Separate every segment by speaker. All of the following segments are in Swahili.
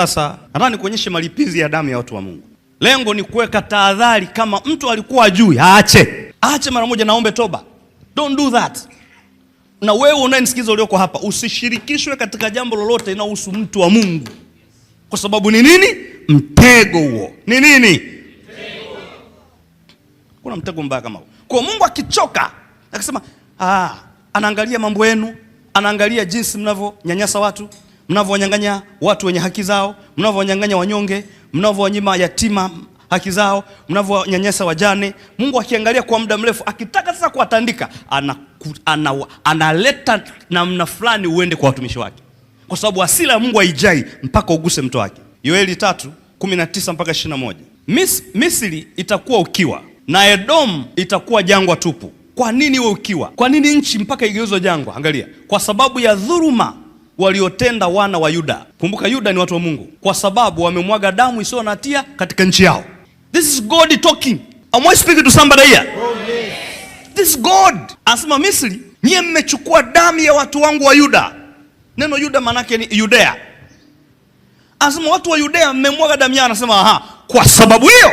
Speaker 1: Sasa nataka nikuonyeshe malipizi ya damu ya watu wa Mungu. Lengo ni kuweka tahadhari, kama mtu alikuwa ajui aache, aache mara moja, naombe toba. Don't do that. Na wewe unayenisikiza ulioko hapa, usishirikishwe katika jambo lolote linalohusu mtu wa Mungu, kwa sababu ni nini? Mtego huo ni nini?
Speaker 2: Mtego.
Speaker 1: Kuna mtego mbaya kama huo. Kwa Mungu akichoka akisema, ah, anaangalia mambo yenu, anaangalia jinsi mnavyonyanyasa watu mnavyowanyang'anya watu wenye haki zao, mnavyonyang'anya wanyonge, mnavyonyima yatima haki zao, mnavyonyanyasa wajane. Mungu akiangalia kwa muda mrefu, akitaka sasa kuwatandika, analeta ana, ana namna fulani uende kwa watumishi wake, kwa sababu asila ya Mungu haijai mpaka uguse mto wake. Yoeli 3:19 mpaka moja. Mis, Misri itakuwa ukiwa na Edomu itakuwa jangwa tupu. Kwa nini iwe ukiwa? Kwa nini nchi mpaka igeuzwe jangwa? Angalia, kwa sababu ya dhuruma waliotenda wana wa Yuda. Kumbuka Yuda ni watu wa Mungu, kwa sababu wamemwaga damu isiyo na hatia katika nchi yao. This is God talking. Am I speaking to somebody here? Oh, yes. This is God. Anasema Misri, nyie mmechukua damu ya watu wangu wa Yuda. Neno Yuda manake ni Yudea. Anasema watu wa Yudea mmemwaga damu yao. Anasema aha, kwa sababu hiyo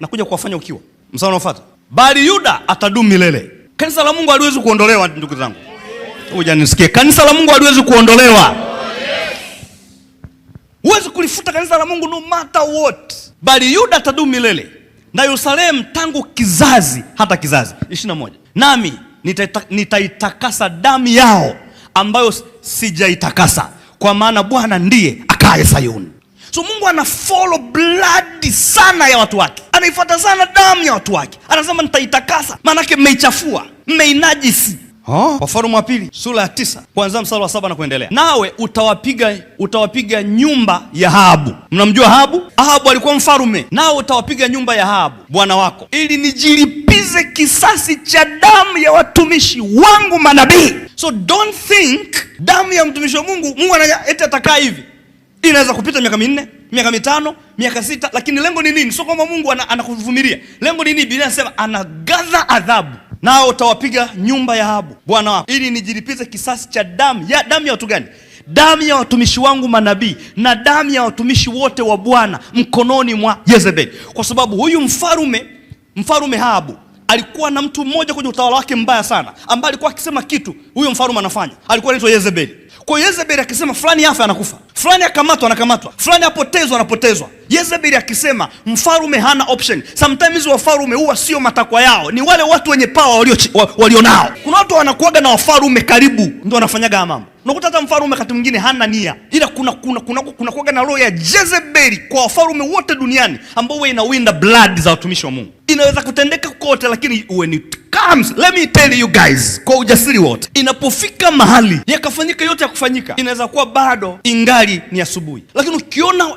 Speaker 1: nakuja kuwafanya ukiwa. Msao unaofuata, bali Yuda atadumu milele. Kanisa la Mungu haliwezi kuondolewa, ndugu zangu nisikie Kanisa la Mungu haliwezi kuondolewa, huwezi kulifuta kanisa la Mungu no matter what, bali Yuda atadumu milele na Yerusalemu tangu kizazi hata kizazi. moja nami nitaitakasa nita damu yao ambayo sijaitakasa, kwa maana Bwana ndiye akaye Sayuni. So Mungu ana follow blood sana ya watu wake, anaifuata sana damu ya watu wake, anasema nitaitakasa, maanake mmeichafua, mmeinajisi Oh, Wafalme wa pili sura ya tisa kuanzia mstari wa saba na kuendelea. Nawe utawapiga utawapiga nyumba ya Ahabu. Mnamjua Ahabu? Ahabu alikuwa mfarume. Nawe utawapiga nyumba ya Ahabu bwana wako, ili nijilipize kisasi cha damu ya watumishi wangu manabii. So don't think damu ya mtumishi wa Mungu Mungu eti atakaa hivi. Inaweza kupita miaka minne, miaka mitano, miaka sita, lakini lengo ni nini? Sio kwamba Mungu anakuvumilia. Ana lengo ni nini? Biblia inasema anagadha adhabu nao utawapiga nyumba ya Ahabu bwana wako, ili nijilipize kisasi cha damu ya damu ya watu gani? Damu ya watumishi wangu manabii na damu ya watumishi wote wa Bwana mkononi mwa Yezebeli. Kwa sababu huyu mfarume mfarume Ahabu alikuwa na mtu mmoja kwenye utawala wake mbaya sana, ambaye alikuwa akisema kitu huyo mfarume anafanya, alikuwa anaitwa Yezebeli. Kwa Yezebeli akisema fulani afa, anakufa; fulani akamatwa, anakamatwa; fulani apotezwa, anapotezwa. Yezebeli akisema mfarume hana option. Sometimes wafarume huwa sio matakwa yao, ni wale watu wenye pawa walio nao Kuna watu wanakuaga na wafarume karibu, ndio wanafanyaga mambo. Unakuta hata mfarume wakati mwingine hana nia, ila kuna kuna kuna kuna kuaga na roho ya Jezebeli kwa wafarume wote duniani ambao wewe inawinda blood za watumishi wa Mungu. Inaweza kutendeka kote, lakini uwe ni comes, let me tell you guys, kwa ujasiri wote, inapofika mahali yakafanyika yote ya kufanyika, inaweza kuwa bado ingali ni asubuhi, lakini ukiona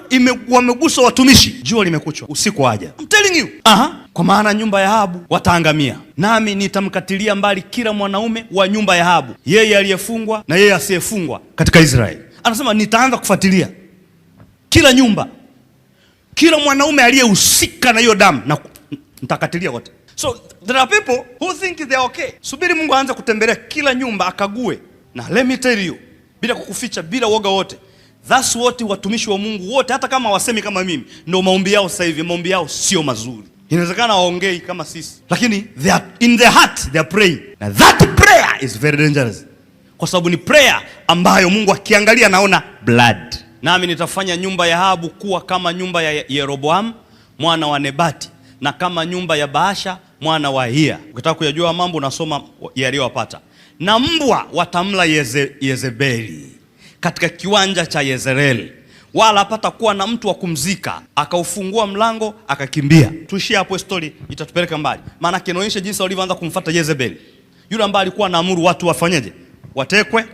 Speaker 1: wamegusa watumishi, jua limekuchwa, usiku waja. I'm telling you. Aha. Kwa maana nyumba ya habu wataangamia, nami nitamkatilia mbali kila mwanaume wa nyumba ya habu yeye aliyefungwa na yeye asiyefungwa katika Israeli. Anasema nitaanza kufuatilia kila nyumba, kila mwanaume aliyehusika na hiyo damu na nitakatilia wote. So there are people who think they are okay. Subiri Mungu aanze kutembelea kila nyumba akague, na let me tell you, bila kukuficha, bila woga wote, that's what watumishi wa Mungu wote, hata kama wasemi kama mimi, ndio maombi yao sasa hivi. Maombi yao sio mazuri, inawezekana waongei kama sisi, lakini they are in their heart they are praying, Now that prayer is very dangerous, kwa sababu ni prayer ambayo Mungu akiangalia naona blood. Nami nitafanya nyumba ya Ahabu kuwa kama nyumba ya Yeroboam mwana wa Nebati na kama nyumba ya Baasha mwana wa Hia. Ukitaka kuyajua mambo unasoma yaliyowapata. Na mbwa watamla Yeze, Yezebeli katika kiwanja cha Yezreeli, wala hapata kuwa na mtu wa kumzika. Akaufungua mlango akakimbia. Tuishie hapo, story itatupeleka mbali, maana kinaonyesha jinsi walivyoanza kumfuata Yezebeli, yule ambaye alikuwa anaamuru watu wafanyeje, watekwe,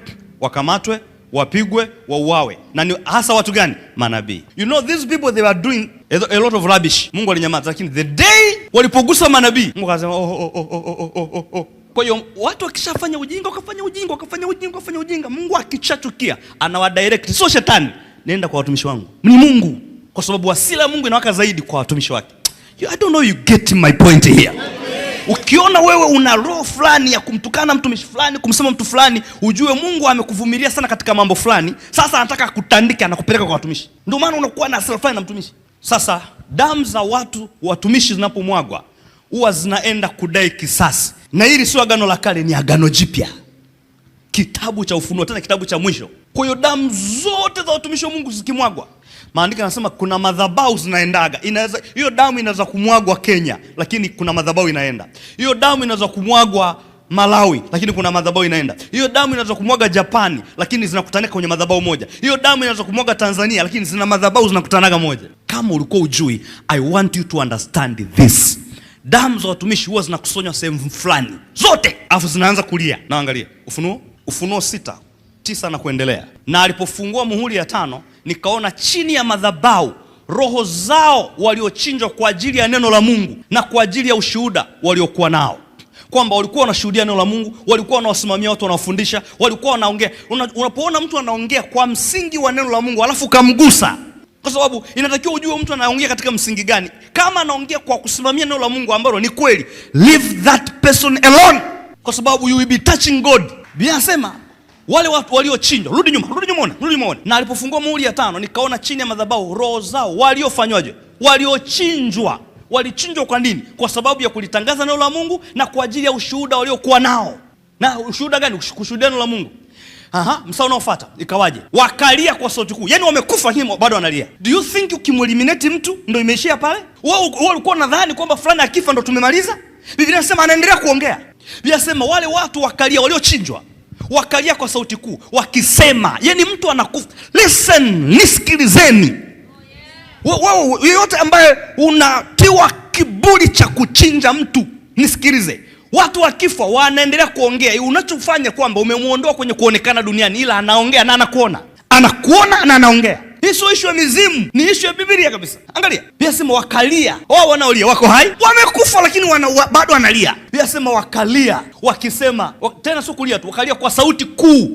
Speaker 1: wakamatwe, wapigwe, wauawe. Na ni hasa watu gani? Manabii. You know these people they were doing a lot of rubbish. Mungu alinyamaza, lakini the day walipogusa manabii Mungu akasema oh, oh, oh, oh, oh, oh. oh, oh. Kwa hiyo watu wakishafanya ujinga wakafanya ujinga wakafanya ujinga wakafanya ujinga, Mungu anawadirect, sio shetani, nenda kwa watumishi wangu. Ni Mungu, kwa sababu Mungu inawaka zaidi kwa watumishi wake. I don't know you get my point here. Ukiona wewe una roho fulani ya kumtukana mtumishi fulani, kumsema mtu fulani, ujue Mungu amekuvumilia sana katika mambo fulani. Sasa anataka kutandika, anakupeleka kwa watumishi. Ndio maana unakuwa na hasira fulani na mtumishi. Sasa damu za watu watumishi zinapomwagwa huwa zinaenda kudai kisasi, na hili sio agano la kale, ni agano jipya, kitabu cha Ufunuo, tena kitabu cha mwisho. Kwa hiyo damu zote za watumishi wa Mungu zikimwagwa, maandiko yanasema kuna madhabahu zinaendaga. Inaweza hiyo damu inaweza kumwagwa Kenya, lakini kuna madhabahu inaenda. Hiyo damu inaweza kumwagwa Malawi lakini kuna madhabahu inaenda. Hiyo damu inaweza kumwaga Japani lakini zinakutanika kwenye madhabahu moja. Hiyo damu inaweza kumwaga Tanzania lakini zina madhabahu zinakutanaga moja kama ulikuwa ujui, I want you to understand this. Damu za watumishi huwa zinakusonywa sehemu fulani zote, alafu zinaanza kulia. Naangalia Ufunuo, Ufunuo sita tisa na kuendelea. Na alipofungua muhuri ya tano, nikaona chini ya madhabau roho zao waliochinjwa kwa ajili ya neno la Mungu na kwa ajili ya ushuhuda waliokuwa nao kwamba walikuwa wanashuhudia neno la Mungu, walikuwa wanawasimamia watu, wanawafundisha, walikuwa wanaongea. Unapoona mtu anaongea kwa msingi wa neno la Mungu alafu kamgusa kwa sababu inatakiwa ujue mtu anaongea katika msingi gani. Kama anaongea kwa kusimamia neno la Mungu ambalo ni kweli, leave that person alone, kwa sababu you will be touching God. Biblia inasema wale watu waliochinjwa, rudi nyuma, rudi nyuma, rudi nyuma. Na alipofungua muhuri ya tano, nikaona chini ya madhabahu roho zao waliofanywaje, waliochinjwa. Walichinjwa kwa nini? Kwa sababu ya kulitangaza neno la Mungu na kwa ajili ya ushuhuda waliokuwa nao. Na ushuhuda gani? Kushuhudia neno la Mungu. Aha, msaa unaofuata ikawaje? Wakalia kwa sauti kuu, yaani wamekufa himo bado wanalia. Do you think ukimweliminate mtu ndo imeishia pale? Wewe nadhani kwamba fulani akifa ndo tumemaliza? Biblia inasema anaendelea kuongea. Biblia wale watu wakalia, waliochinjwa wakalia kwa sauti kuu wakisema, yani mtu anakufa. Listen, nisikilizeni yeyote ambaye unatiwa kiburi cha kuchinja mtu, nisikilize Watu wakifa wanaendelea kuongea. Unachofanya kwamba umemwondoa kwenye kuonekana duniani, ila anaongea na anakuona, anakuona na anaongea. Hii sio ishu ya mizimu, ni ishu ya bibilia kabisa. Angalia Biblia wakalia, wao wanaolia wako hai, wamekufa lakini wana, wa, bado wanalia. Biblia wakalia wakisema wak, tena sio kulia tu, wakalia kwa sauti kuu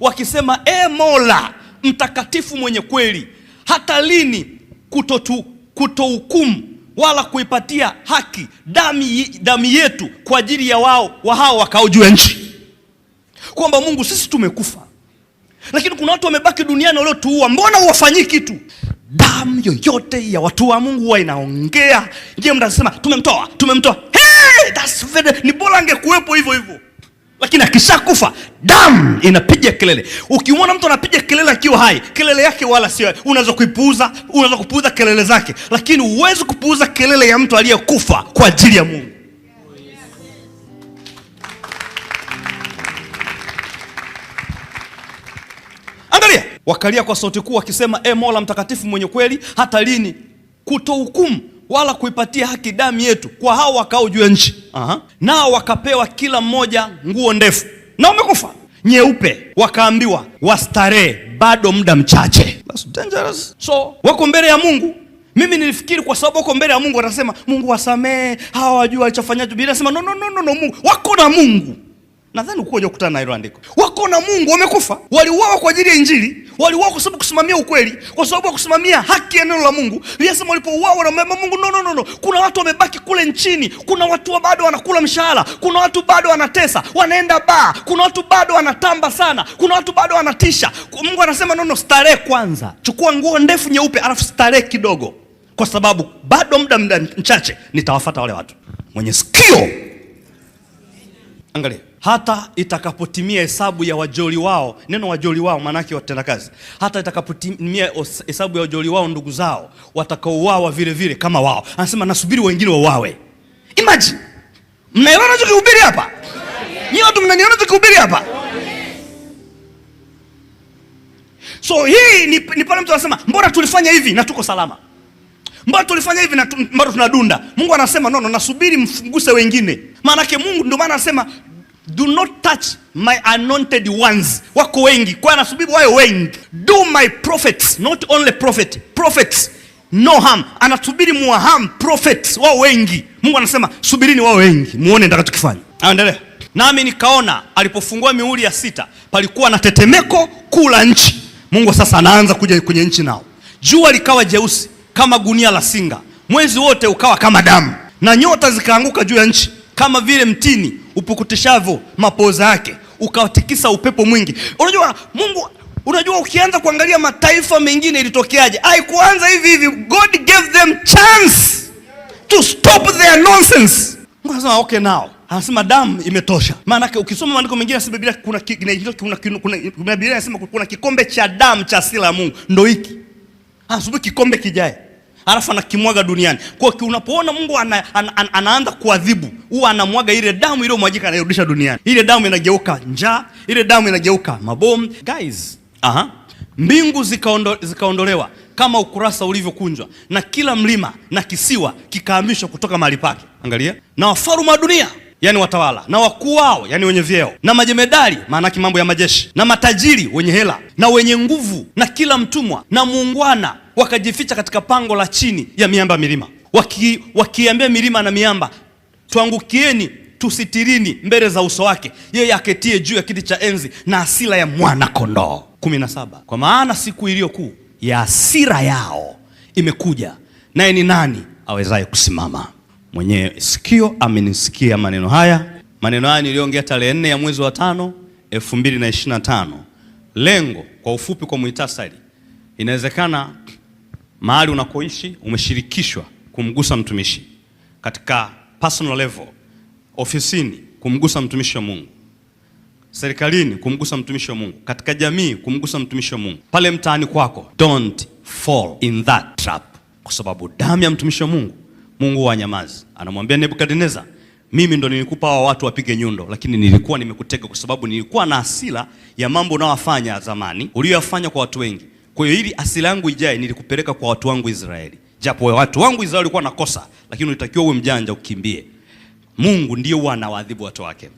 Speaker 1: wakisema e Mola mtakatifu mwenye kweli, hata lini kutohukumu kuto wala kuipatia haki damu dami yetu kwa ajili ya wao wa hao wakao juu ya nchi, kwamba Mungu, sisi tumekufa, lakini kuna watu wamebaki duniani waliotuua, mbona uwafanyii kitu? Damu yoyote ya watu wa Mungu huwa inaongea. Je, mtasema tumemtoa, tumemtoa? Hey, that's very, ni bora angekuwepo hivyo hivyo lakini akishakufa damu inapiga kelele. Ukimwona mtu anapiga kelele akiwa hai, kelele yake wala sio, unaweza kuipuuza, unaweza kupuuza kelele zake, lakini huwezi kupuuza kelele ya mtu aliyekufa kwa ajili ya Mungu. Angalia, wakalia kwa sauti kuu wakisema, E Mola mtakatifu mwenye kweli, hata lini kutohukumu wala kuipatia haki damu yetu kwa hao wakao juu ya nchi. Aha. Nao wakapewa kila mmoja nguo ndefu na umekufa nyeupe, wakaambiwa wastarehe bado muda mchache. That's dangerous. So wako mbele ya Mungu. Mimi nilifikiri kwa sababu wako mbele ya Mungu watasema Mungu wasamee hawa, wajua walichofanya tu. Biblia inasema no, no, no, no, no, Mungu wako na Mungu Nadhani ukuja kukutana na hilo andiko. Wako na Mungu wamekufa, waliuawa kwa ajili ya Injili, waliuawa kwa sababu kusimamia ukweli, kwa sababu ya kusimamia haki ya neno la Mungu. Yesu walipouawa na mama Mungu, no, no, no, no. Kuna watu wamebaki kule nchini, kuna watu wa bado wanakula mshahara, kuna watu bado wanatesa, wanaenda baa, kuna watu bado wanatamba sana, kuna watu bado wanatisha. Mungu anasema no, no, starehe kwanza. Chukua nguo ndefu nyeupe, alafu starehe kidogo, kwa sababu bado muda muda mchache nitawafata wale watu. Mwenye sikio angalia hata itakapotimia hesabu ya wajoli wao. Neno wajoli wao maanake watendakazi. Hata itakapotimia hesabu ya wajoli wao, ndugu zao watakaouawa vile vile kama wao. Anasema nasubiri wengine wauawe. imaji mnaelewana kihubiri hapa? Nyinyi watu mnaniona tukihubiri hapa? So hii ni, ni pale mtu anasema mbona tulifanya hivi na tuko salama, mbona tulifanya hivi na mbona tunadunda. Mungu anasema nono, nasubiri mfunguse wengine, maanake Mungu ndio maana anasema Do not touch my anointed ones. Wako wengi kwa anasubiri wayo wengi. Do my prophets, not only prophet, prophets no harm. Anasubiri mwa harm prophets wao wengi. Mungu anasema subirini wao wengi muone nitakachokifanya. Aendelea. Nami nikaona alipofungua miuli ya sita palikuwa na tetemeko kuu la nchi. Mungu sasa anaanza kuja kwenye nchi nao. Jua likawa jeusi kama gunia la singa, mwezi wote ukawa kama damu, na nyota zikaanguka juu ya nchi kama vile mtini upukutishavyo mapoza yake, ukatikisa upepo mwingi. Unajua Mungu, unajua ukianza kuangalia mataifa mengine ilitokeaje, kuanza hivi hivi. God gave them chance to stop their nonsense. Mungu anasema okay now Anasema damu imetosha. Maanake ukisoma maandiko mengine si Biblia, kuna Biblia inasema kuna kikombe cha damu cha sila ya Mungu, ndo hiki. asubuhi kikombe kijae alafu anakimwaga duniani. Kwa unapoona Mungu ana, ana, ana, anaanza kuadhibu, huwa anamwaga ile damu iliyomwagika anairudisha duniani. Ile damu inageuka njaa, ile damu inageuka mabomu. Guys, aha. Mbingu zikaondo, zikaondolewa kama ukurasa ulivyokunjwa na kila mlima na kisiwa kikaamishwa kutoka mahali pake. Angalia, na wafalme wa dunia yani watawala na wakuu wao yani wenye vyeo na majemedari, maanake mambo ya majeshi, na matajiri wenye hela na wenye nguvu, na kila mtumwa na muungwana wakajificha katika pango la chini ya miamba milima, wakiambia waki milima na miamba, tuangukieni tusitirini mbele za uso wake yeye aketie juu ya kiti cha enzi na asira ya mwana kondoo. 17 Kwa maana siku iliyo kuu ya asira yao imekuja, naye ni nani awezaye kusimama? Mwenye sikio amenisikia maneno haya. Maneno haya niliongea tarehe nne ya mwezi wa tano elfu mbili na ishirini na tano. Lengo kwa ufupi, kwa muhtasari, inawezekana mahali unakoishi umeshirikishwa kumgusa mtumishi katika personal level, ofisini kumgusa mtumishi wa Mungu, serikalini kumgusa mtumishi wa Mungu, katika jamii kumgusa mtumishi wa Mungu, pale mtaani kwako. Don't fall in that trap, kwa sababu damu ya mtumishi wa Mungu, Mungu wa nyamazi, anamwambia nebukadnezar mimi ndo nilikupa hawa watu wapige nyundo, lakini nilikuwa nimekutega kwa sababu nilikuwa na hasira ya mambo unaowafanya zamani, uliyofanya kwa watu wengi kwa hiyo ili asili yangu ijae nilikupeleka kwa watu wangu Israeli. Japo watu wangu Israeli walikuwa nakosa, lakini unatakiwa uwe mjanja ukimbie. Mungu ndiye huwa anawaadhibu watu wake.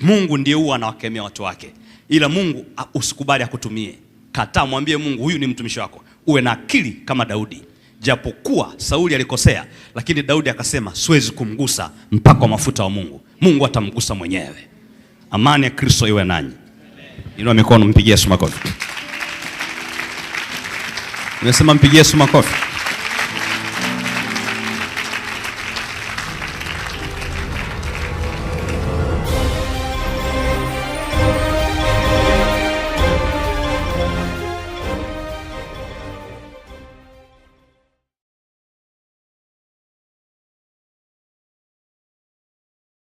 Speaker 1: Mungu ndiye huwa anawakemea watu wake. Ila Mungu usikubali akutumie. Kataa, mwambie Mungu huyu ni mtumishi wako. Uwe na akili kama Daudi. Japokuwa Sauli alikosea, lakini Daudi akasema siwezi kumgusa mpaka wa mafuta wa Mungu. Mungu atamgusa mwenyewe. Amani ya Kristo iwe nanyi. Inua mikono, mpigie Yesu makofi. Nimesema mpigie Yesu makofi.